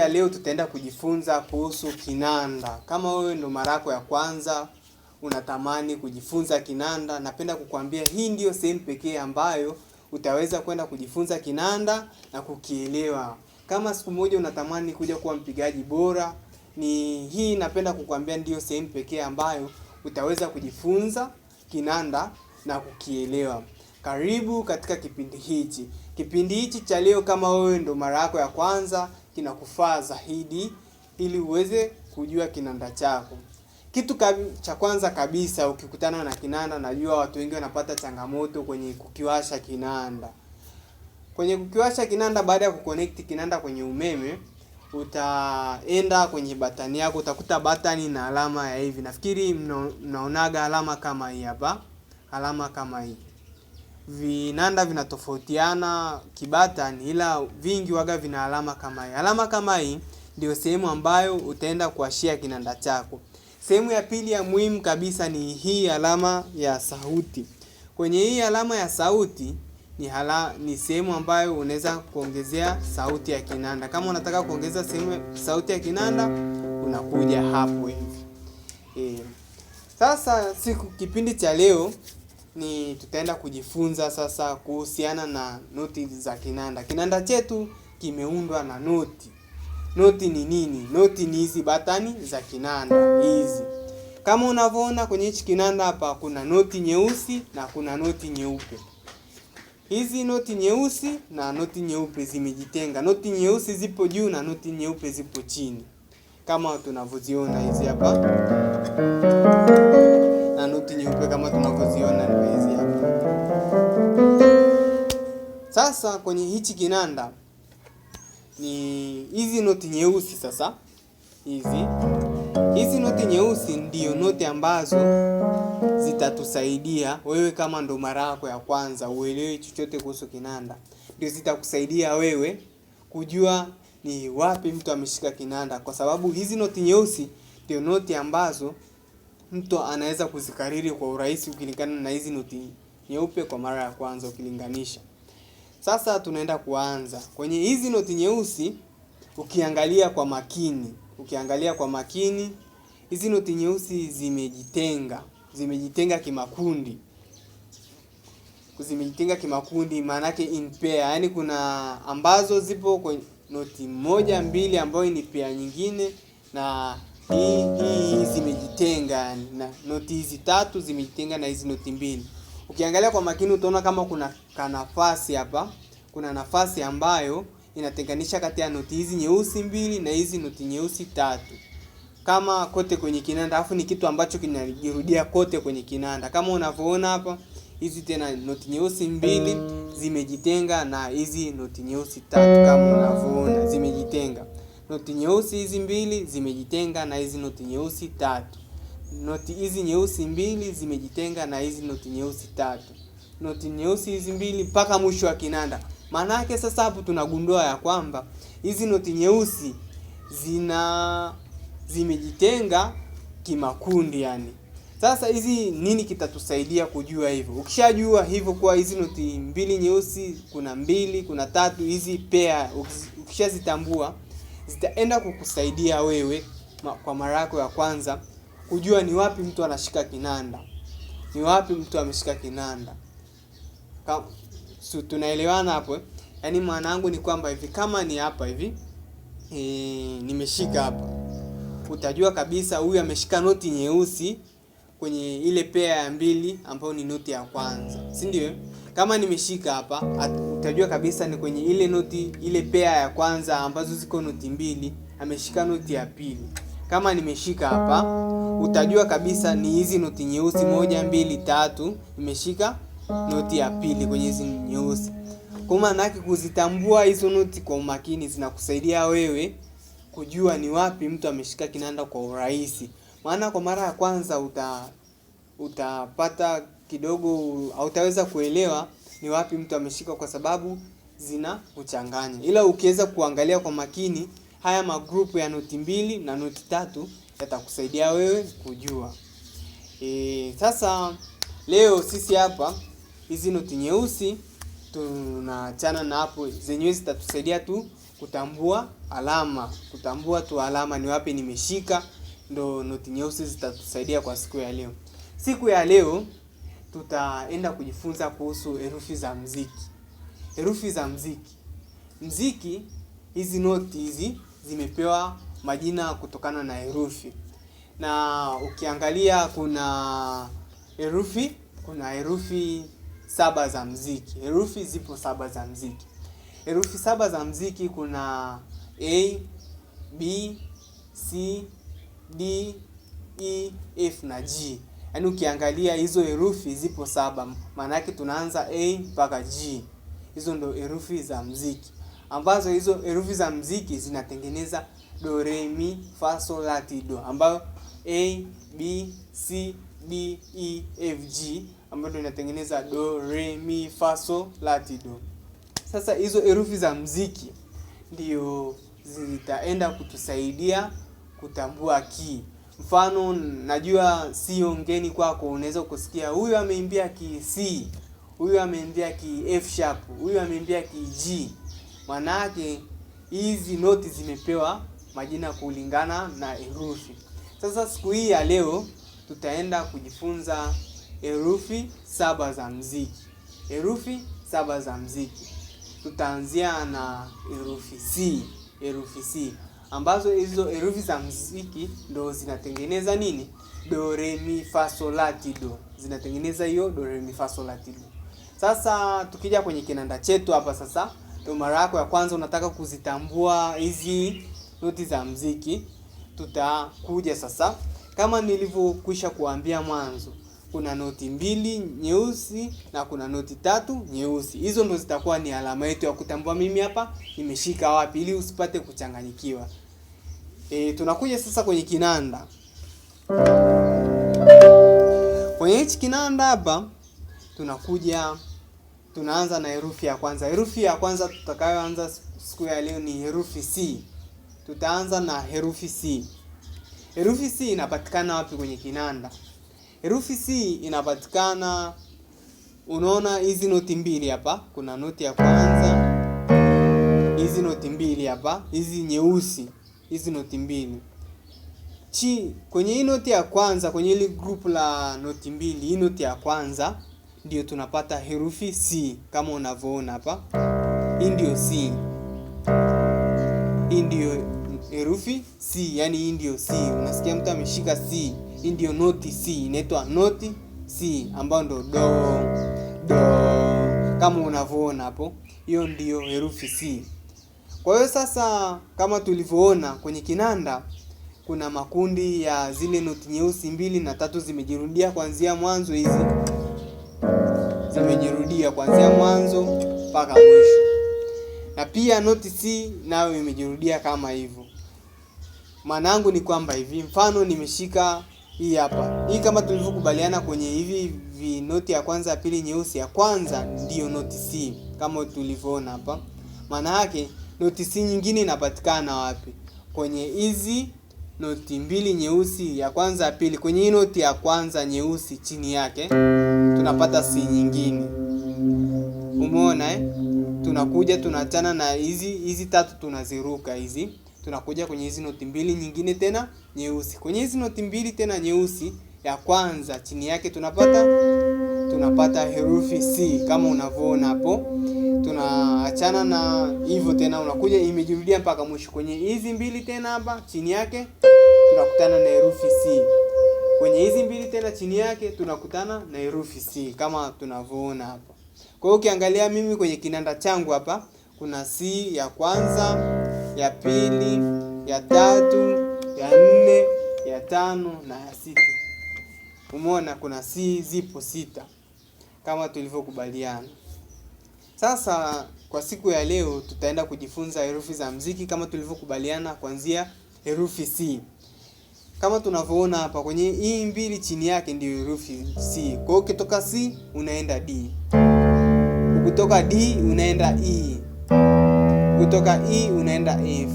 ya leo tutaenda kujifunza kuhusu kinanda. Kama wewe ndo mara yako ya kwanza unatamani kujifunza kinanda, napenda kukuambia hii ndiyo sehemu pekee ambayo utaweza kwenda kujifunza kinanda na kukielewa. Kama siku moja unatamani kuja kuwa mpigaji bora, ni hii napenda kukuambia ndiyo sehemu pekee ambayo utaweza kujifunza kinanda na kukielewa. Karibu katika kipindi hichi. Kipindi hichi cha leo, kama wewe ndo mara yako ya kwanza kinakufaa zaidi ili uweze kujua kinanda chako. Kitu cha kwanza kabisa ukikutana na kinanda, najua watu wengi wanapata changamoto kwenye kukiwasha kinanda. Kwenye kukiwasha kinanda, baada ya kuconnect kinanda kwenye umeme, utaenda kwenye batani yako, utakuta batani na alama ya hivi. Nafikiri mnaonaga alama kama hii hapa, alama kama hii vinanda vinatofautiana kibatani, ila vingi waga vina alama kama hii. Alama kama hii ndio sehemu ambayo utaenda kuashia kinanda chako. Sehemu ya pili ya muhimu kabisa ni hii alama ya sauti. Kwenye hii alama ya sauti ni hala, ni sehemu ambayo unaweza kuongezea sauti ya kinanda. Kama unataka kuongeza sehemu sauti ya kinanda unakuja hapo hivi e. Sasa siku kipindi cha leo ni tutaenda kujifunza sasa kuhusiana na noti za kinanda. Kinanda chetu kimeundwa na noti. Noti ni nini? Noti ni hizi batani za kinanda hizi. Kama unavyoona kwenye hichi kinanda hapa, kuna noti nyeusi na kuna noti nyeupe. Hizi noti nyeusi na noti nyeupe zimejitenga. Noti nyeusi zipo juu na noti nyeupe zipo chini, kama tunavyoziona hizi hapa na noti nyeupe kama tunavyoziona hizi hapa. Sasa kwenye hichi kinanda ni hizi noti nyeusi. Sasa hizi hizi noti nyeusi ndiyo noti ambazo zitatusaidia wewe, kama ndo mara yako ya kwanza uelewe chochote kuhusu kinanda, ndio zitakusaidia wewe kujua ni wapi mtu ameshika kinanda, kwa sababu hizi noti nyeusi ndio noti ambazo mtu anaweza kuzikariri kwa urahisi ukilingana na hizi noti nyeupe kwa mara ya kwanza ukilinganisha. Sasa tunaenda kuanza kwenye hizi noti nyeusi. Ukiangalia kwa makini, ukiangalia kwa makini, hizi noti nyeusi zimejitenga, zimejitenga kimakundi, zimejitenga kimakundi, maana yake in pair, yaani kuna ambazo zipo kwenye noti moja mbili ambayo ni pair nyingine na hii hii zimejitenga na noti hizi tatu zimejitenga na hizi noti mbili. Ukiangalia kwa makini utaona kama kuna kanafasi hapa, kuna nafasi ambayo inatenganisha kati ya noti hizi nyeusi mbili na hizi noti nyeusi tatu, kama kote kwenye kinanda, alafu ni kitu ambacho kinajirudia kote kwenye kinanda kama unavyoona hapa. Hizi tena noti nyeusi mbili zimejitenga na hizi noti nyeusi tatu, kama unavyoona zimejitenga. Noti nyeusi hizi mbili zimejitenga na hizi noti nyeusi tatu. Noti hizi nyeusi mbili zimejitenga na hizi noti nyeusi tatu. Noti nyeusi hizi mbili mpaka mwisho wa kinanda. Maana yake sasa hapo tunagundua ya kwamba hizi noti nyeusi zina zimejitenga kimakundi yani. Sasa hizi nini kitatusaidia kujua hivyo? Ukishajua hivyo kwa hizi noti mbili nyeusi, kuna mbili, kuna tatu, hizi pair ukishazitambua zitaenda kukusaidia wewe kwa mara yako ya kwanza kujua ni wapi mtu anashika kinanda, ni wapi mtu ameshika kinanda. So, tunaelewana hapo? Eh? Yaani maana yangu ni kwamba hivi, kama ni hapa hivi e, nimeshika hapa, utajua kabisa huyu ameshika noti nyeusi kwenye ile pea ya mbili ambayo ni noti ya kwanza, si ndio? Eh? Kama nimeshika hapa, utajua kabisa ni kwenye ile noti, ile pea ya kwanza ambazo ziko noti mbili, ameshika noti ya pili. Kama nimeshika hapa, utajua kabisa ni hizi noti nyeusi, moja, mbili, tatu, nimeshika noti ya pili kwenye hizi nyeusi. Kwa maana kuzitambua hizo noti kwa umakini zinakusaidia wewe kujua ni wapi mtu ameshika kinanda kwa urahisi. Maana kwa mara ya kwanza uta utapata kidogo hautaweza kuelewa ni wapi mtu ameshika kwa sababu zina kuchanganya, ila ukiweza kuangalia kwa makini haya magrupu ya noti mbili na noti tatu yatakusaidia wewe kujua. E, sasa leo sisi hapa hizi noti nyeusi tunachana na hapo, zenyewe zitatusaidia tu kutambua alama, kutambua tu alama ni wapi nimeshika, ndo noti nyeusi zitatusaidia kwa siku ya leo. Siku ya leo tutaenda kujifunza kuhusu herufi za mziki. Herufi za mziki, mziki hizi noti hizi zimepewa majina kutokana na herufi, na ukiangalia kuna herufi kuna herufi saba za mziki. Herufi zipo saba za mziki. Herufi saba za mziki kuna A, B, C, D, E, F na G. Yaani ukiangalia hizo herufi zipo saba, maana yake tunaanza A mpaka G. Hizo ndo herufi za mziki, ambazo hizo herufi za mziki zinatengeneza do re mi fa sol la ti do, ambayo A B C D E F G, ambayo ndo inatengeneza do re mi fa sol la ti do. Sasa hizo herufi za mziki ndio zitaenda kutusaidia kutambua kii. Mfano, najua si ongeni kwako, unaweza kusikia huyu ameimbia ki C, huyu ameimbia ki F sharp, huyu ameimbia ki G. Manake hizi noti zimepewa majina kulingana na herufi. Sasa siku hii ya leo tutaenda kujifunza herufi saba za mziki. Herufi saba za mziki, tutaanzia na herufi C. Herufi C ambazo hizo herufi za mziki ndo zinatengeneza nini, do re mi fa so la ti do, zinatengeneza hiyo do re mi fa so la ti do. Sasa tukija kwenye kinanda chetu hapa sasa, ndo mara yako ya kwanza unataka kuzitambua hizi noti za mziki. Tutakuja sasa, kama nilivyokwisha kuambia mwanzo kuna noti mbili nyeusi na kuna noti tatu nyeusi. Hizo ndo zitakuwa ni alama yetu ya kutambua mimi hapa nimeshika wapi, ili usipate kuchanganyikiwa. E, tunakuja sasa kwenye kinanda. Kwenye hichi kinanda hapa tunakuja tunaanza na herufi ya kwanza. Herufi ya kwanza tutakayoanza siku ya leo ni herufi C. Tutaanza na herufi C. Herufi C inapatikana wapi kwenye kinanda? Herufi C inapatikana, unaona hizi noti mbili hapa, kuna noti ya kwanza, hizi noti mbili hapa, hizi nyeusi, hizi noti mbili chi kwenye hii noti ya kwanza, kwenye ile group la noti mbili, hii noti ya kwanza ndio tunapata herufi C kama unavyoona hapa. Hii ndio C, hii ndio herufi C, yani hii ndio C. Unasikia mtu ameshika C hii ndio noti C, inaitwa noti C ambayo ndo do do, kama unavyoona hapo, hiyo ndio herufi C. Kwa hiyo sasa, kama tulivyoona kwenye kinanda, kuna makundi ya zile noti nyeusi mbili na tatu zimejirudia kuanzia mwanzo, hizi zimejirudia kuanzia mwanzo mpaka mwisho, na pia noti C nayo imejirudia kama hivyo. Maana yangu ni kwamba hivi, mfano nimeshika hii hapa hii, kama tulivyokubaliana kwenye hivi vi noti ya kwanza ya pili nyeusi, ya kwanza ndiyo noti C kama tulivyoona hapa. Maana yake noti C nyingine inapatikana wapi? Kwenye hizi noti mbili nyeusi, ya kwanza ya pili. Kwenye hii noti ya kwanza nyeusi chini yake tunapata C nyingine, umeona eh? Tunakuja tunachana na hizi hizi tatu, tunaziruka hizi tunakuja kwenye hizi noti mbili nyingine tena nyeusi. Kwenye hizi noti mbili tena nyeusi, ya kwanza chini yake tunapata tunapata herufi C kama unavyoona hapo, tunaachana na hivyo tena, unakuja imejirudia mpaka mwisho. Kwenye hizi mbili tena hapa chini yake tunakutana na herufi C. Kwenye hizi mbili tena chini yake tunakutana na herufi C kama tunavyoona hapa. Kwa hiyo ukiangalia mimi kwenye kinanda changu hapa kuna C ya kwanza ya pili, ya tatu, ya nne, ya tano na ya sita. Umeona kuna si zipo sita kama tulivyokubaliana. Sasa kwa siku ya leo tutaenda kujifunza herufi za mziki kama tulivyokubaliana kuanzia herufi C. Kama tunavyoona hapa kwenye hii mbili chini yake ndio herufi C. Kwa hiyo ukitoka C unaenda D. Ukitoka D unaenda E kutoka E unaenda F,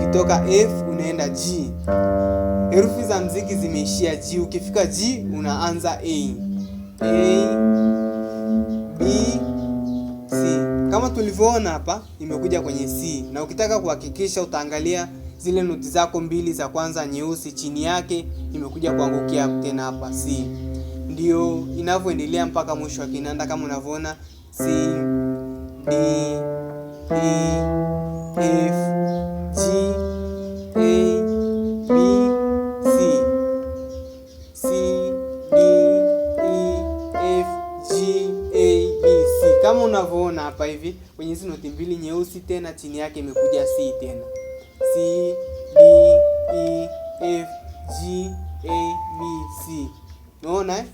ukitoka F unaenda G. Herufi za mziki zimeishia G. Ukifika G unaanza A. A, B, C. Kama tulivyoona hapa, imekuja kwenye C, na ukitaka kuhakikisha utaangalia zile noti zako mbili za kwanza nyeusi, chini yake imekuja kuangukia tena hapa C. Ndio inavyoendelea mpaka mwisho wa kinanda, kama unavyoona C, D A, F, G, A, B, C, C, D, e, e, F, G, A, B, C. Kama unavyoona hapa hivi kwenye hizi noti mbili nyeusi, tena chini yake imekuja C tena. C, D, E, F, G, A, B, C. Unaona eh?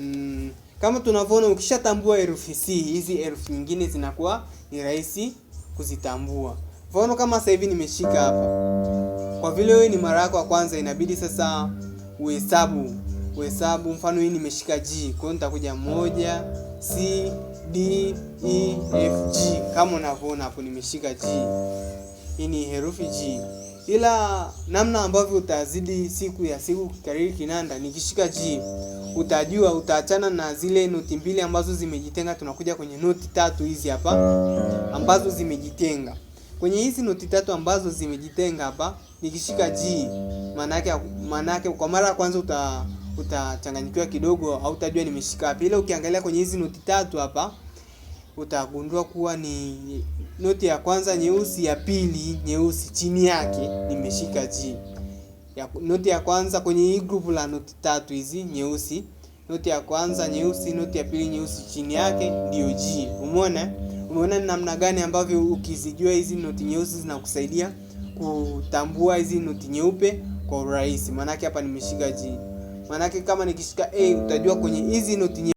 mm Kama tunavyoona ukishatambua herufi C, hizi herufi nyingine zinakuwa ni rahisi kuzitambua. Mfano kama sasa hivi nimeshika hapa, kwa vile wewe ni mara yako ya kwanza, inabidi sasa uhesabu uhesabu. Mfano hii nimeshika G, kwa hiyo nitakuja moja, C, D, E, F, G kama unavyoona hapo nimeshika G. Hii ni herufi G ila namna ambavyo utazidi siku ya siku kikariri kinanda nikishika G utajua utaachana na zile noti mbili ambazo zimejitenga. Tunakuja kwenye noti tatu hizi hapa ambazo zimejitenga. Kwenye hizi noti tatu ambazo zimejitenga hapa, nikishika G manake manake kwa mara ya kwanza uta utachanganyikiwa kidogo, au utajua nimeshika hapa, ila ukiangalia kwenye hizi noti tatu hapa utagundua kuwa ni noti ya kwanza nyeusi, ya pili nyeusi, chini yake nimeshika G ya, noti ya kwanza kwenye hii group la noti tatu hizi nyeusi, noti ya kwanza nyeusi, noti ya pili nyeusi, chini yake ndio G. Umeona, umeona ni namna gani ambavyo ukizijua hizi noti nyeusi zinakusaidia kutambua hizi noti nyeupe kwa urahisi. Maanake hapa nimeshika G, maanake kama nikishika A utajua kwenye hizi noti